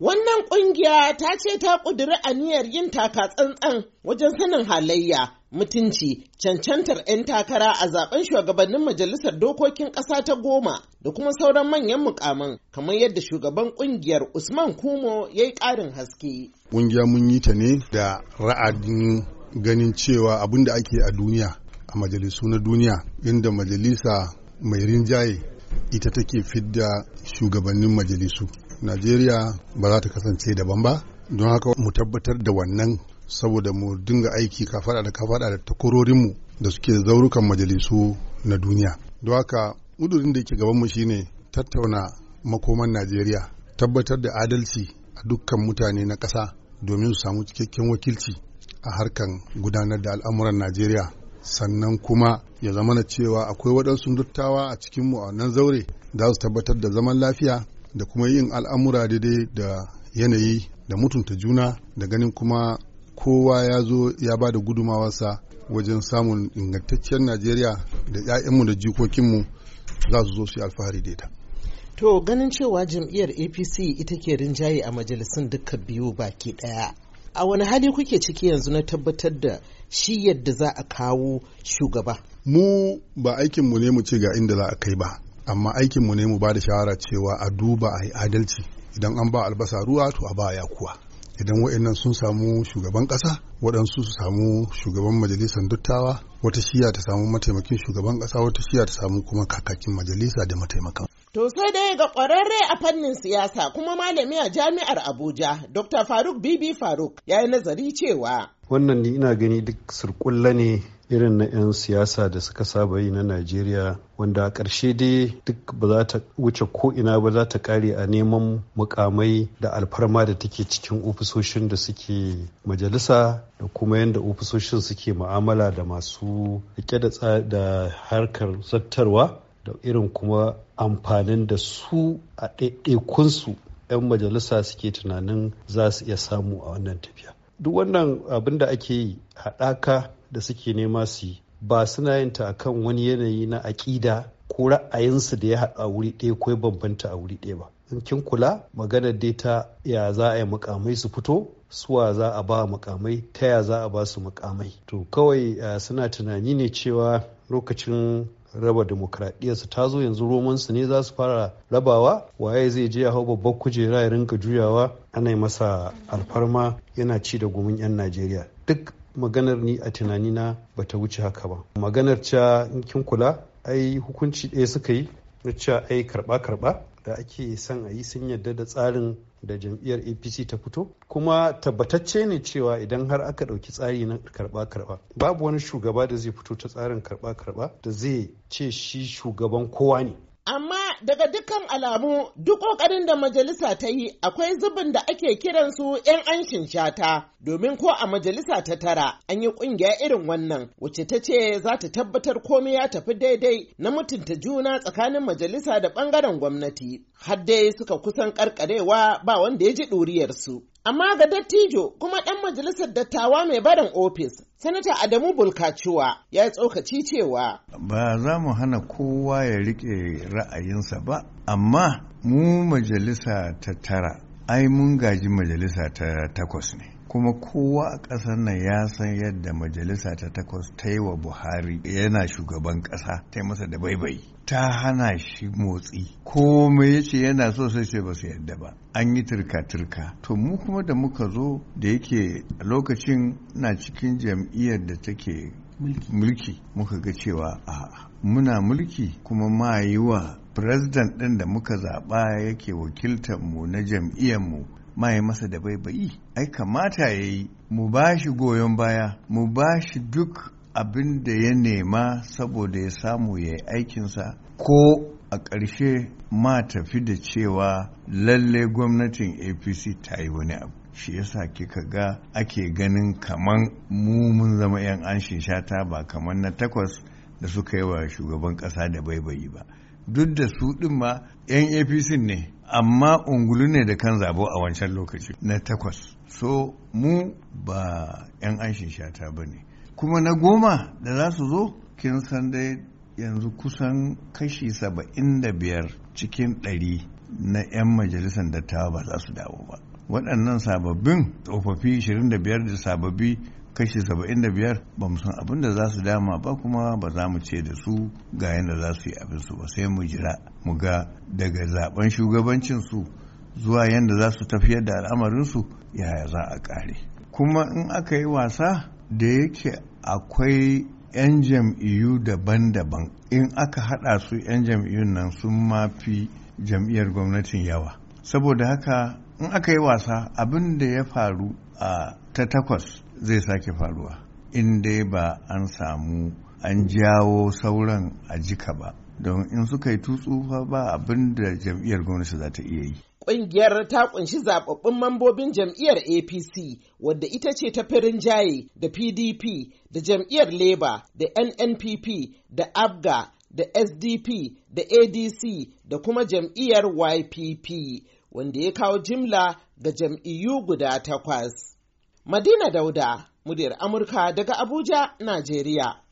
Wannan ƙungiya ta ce ta ƙudiri aniyar yin taka tsantsan wajen sanin halayya, mutunci, cancantar 'yan takara a zaben shugabannin majalisar dokokin ƙasa ta goma da kuma sauran manyan mukaman kamar yadda shugaban ƙungiyar Usman Kumo ya yi ƙarin haske. Ƙungiya mun yi ta ne da ra'adin ganin cewa abin da ake a duniya a majalisu na duniya inda majalisa mai rinjaye ita take fidda shugabannin majalisu najeriya ba za ta kasance daban ba don haka mu tabbatar da wannan saboda mu dinga aiki kafaɗa da kafaɗa da takwarorinmu da suke zaurukan majalisu na duniya don haka udurin da ke gabanmu shine tattauna makoman najeriya tabbatar da adalci a dukkan mutane na ƙasa domin su samu cikakken wakilci a harkan gudanar da al'amuran najeriya sannan kuma ya zamana cewa akwai waɗansu dattawa a cikinmu a nan zaure za su tabbatar da zaman lafiya da kuma yin al'amura daidai da yanayi da mutunta juna da ganin kuma kowa ya zo ya ba da gudumawarsa wajen samun ingantacciyar najeriya da 'ya'yanmu da jikokinmu za su zo su yi alfahari da ita to ganin cewa jam'iyyar apc ita ke rinjaye a majalisun duka biyu baki daya a wani hali kuke ciki yanzu na tabbatar da shi yadda za a kawo shugaba mu ba aikinmu ne mu ce ga inda za a kai ba amma aikinmu ne mu ba da shawara cewa a duba a yi adalci idan an ba albasa ruwa to a ba yakuwa idan wa'annan sun samu shugaban ƙasa waɗansu su samu shugaban majalisar dattawa wata shiya ta samu mataimakin shugaban ƙasa wata shiya ta samu kuma kakakin majalisa da mataimakan. To sai dai ga ƙwararre a fannin siyasa kuma malami a jami'ar Abuja Dr. Faruk Bibi Faruk ya yi nazari cewa. Wannan ni ina gani duk surkulla ne irin na 'yan siyasa da suka saba yi na najeriya wanda a ƙarshe dai duk ba za ta wuce ko'ina ba za ta ƙare a neman mukamai da alfarma da take cikin ofisoshin da suke majalisa da kuma yadda ofisoshin suke ma'amala da masu rike da harkar zattarwa da irin kuma amfanin da su a ɗaiɗaikunsu 'yan majalisa suke tunanin za su iya samu a wannan tafiya duk wannan abin da ake yi haɗaka da suke nema su yi ba suna yin ta akan wani yanayi na aƙida ko ra'ayinsu da ya haɗa wuri ɗaya ko ya bambanta a wuri ɗaya ba in kin kula maganar dai ta ya za a yi mukamai su fito suwa za a ba mukamai ta ya za a ba su mukamai to kawai suna tunani ne cewa lokacin raba demokradiyyarsu ta zo yanzu romansu ne za su fara rabawa waye zai je ya hau babbar kujera ya rinka juyawa ana masa alfarma yana ci da gumin 'yan najeriya duk maganar ni a tunanina ba ta wuce haka ba maganar ca kin kula ai hukunci ɗaya suka yi na cewa ai karɓa karɓa da ake son a yi sun yadda da tsarin da jam'iyyar apc ta fito kuma tabbatacce ne cewa idan har aka ɗauki tsari na karɓa karɓa babu wani shugaba da zai fito ta tsarin karɓa karɓa da zai ce shi shugaban kowa ne Amma daga dukkan alamu duk ƙoƙarin da majalisa ta yi akwai zubin da ake kiransu 'yan anshin shata domin ko a majalisa ta tara an yi ƙungiya irin wannan wacce ta ce za ta tabbatar komai ya tafi daidai na mutunta juna tsakanin majalisa da ɓangaren gwamnati. Har dai suka kusan ƙarƙarewa ba wanda ya ji ɗuriyarsu. Amma ga dattijo kuma ɗan majalisar dattawa mai barin ofis, Sanata Adamu Bulkaciwa ya yi tsokaci cewa. Ba za mu hana kowa ya riƙe ra'ayinsa ba, amma mu majalisa ta tara, ai mun gaji majalisa ta takwas ne. kuma kowa a ƙasar nan ya san yadda majalisa ta takwas ta yi wa buhari yana shugaban ƙasa ta yi masa da baibai ta hana shi motsi Ko mai ce yana so sai ce ba su yadda ba an yi turka-turka to mu kuma da muka zo da yake lokacin na cikin jam'iyyar da take mulki muka ga cewa a muna mulki kuma ma yi wa ɗin da muka zaɓa yake wakiltar mu na jam'iyyar mu mai masa da baibayi ai kamata ya yi mu ba shi goyon baya mu ba shi duk abin da ya nema saboda ya samu ya yi aikinsa ko a ƙarshe ma tafi da cewa lalle gwamnatin apc ta yi wani abu shi yasa kika ga ake ganin kaman mu mun zama 'yan an shata ba kaman na takwas da suka yi wa shugaban ƙasa da baibayi ba duk da su ɗin ma 'yan apc ne amma ungulu ne da kan zabo a wancan lokaci na takwas so mu ba 'yan anshin shata ba ne kuma na goma da za su zo kin san dai yanzu kusan kashi saba'in da biyar cikin ɗari na 'yan majalisar dattawa ba za su dawo ba waɗannan sababbin tsofaffi 25 da sababbi kashi 75 ba mu san abin da za su dama ba kuma ba za mu ce da su ga yadda za su yi abin su ba sai mu jira mu ga daga zaben shugabancin su zuwa yadda za su tafiyar da al'amarin su yaya za a kare kuma in aka yi wasa da yake akwai 'yan jam'iyyu daban-daban in aka haɗa su 'yan jam'iyyun nan sun mafi jam'iyyar gwamnatin yawa saboda haka in aka yi wasa abin da ya faru a ta takwas zai sake faruwa in dai ba an samu an jawo sauran a jika ba don in suka yi tutsu ba abin da jam'iyyar gwamnati za ta iya yi Ƙungiyar ta ƙunshi zaɓaɓɓun mambobin jam'iyyar APC wadda ita ce ta firin jaye da PDP da jam'iyyar Labour da NNPP da ABGA da SDP da ADC da kuma jam'iyyar YPP wanda ya kawo jimla ga jam'iyyu guda takwas. Madina Dauda, mudir Amurka daga Abuja, Najeriya.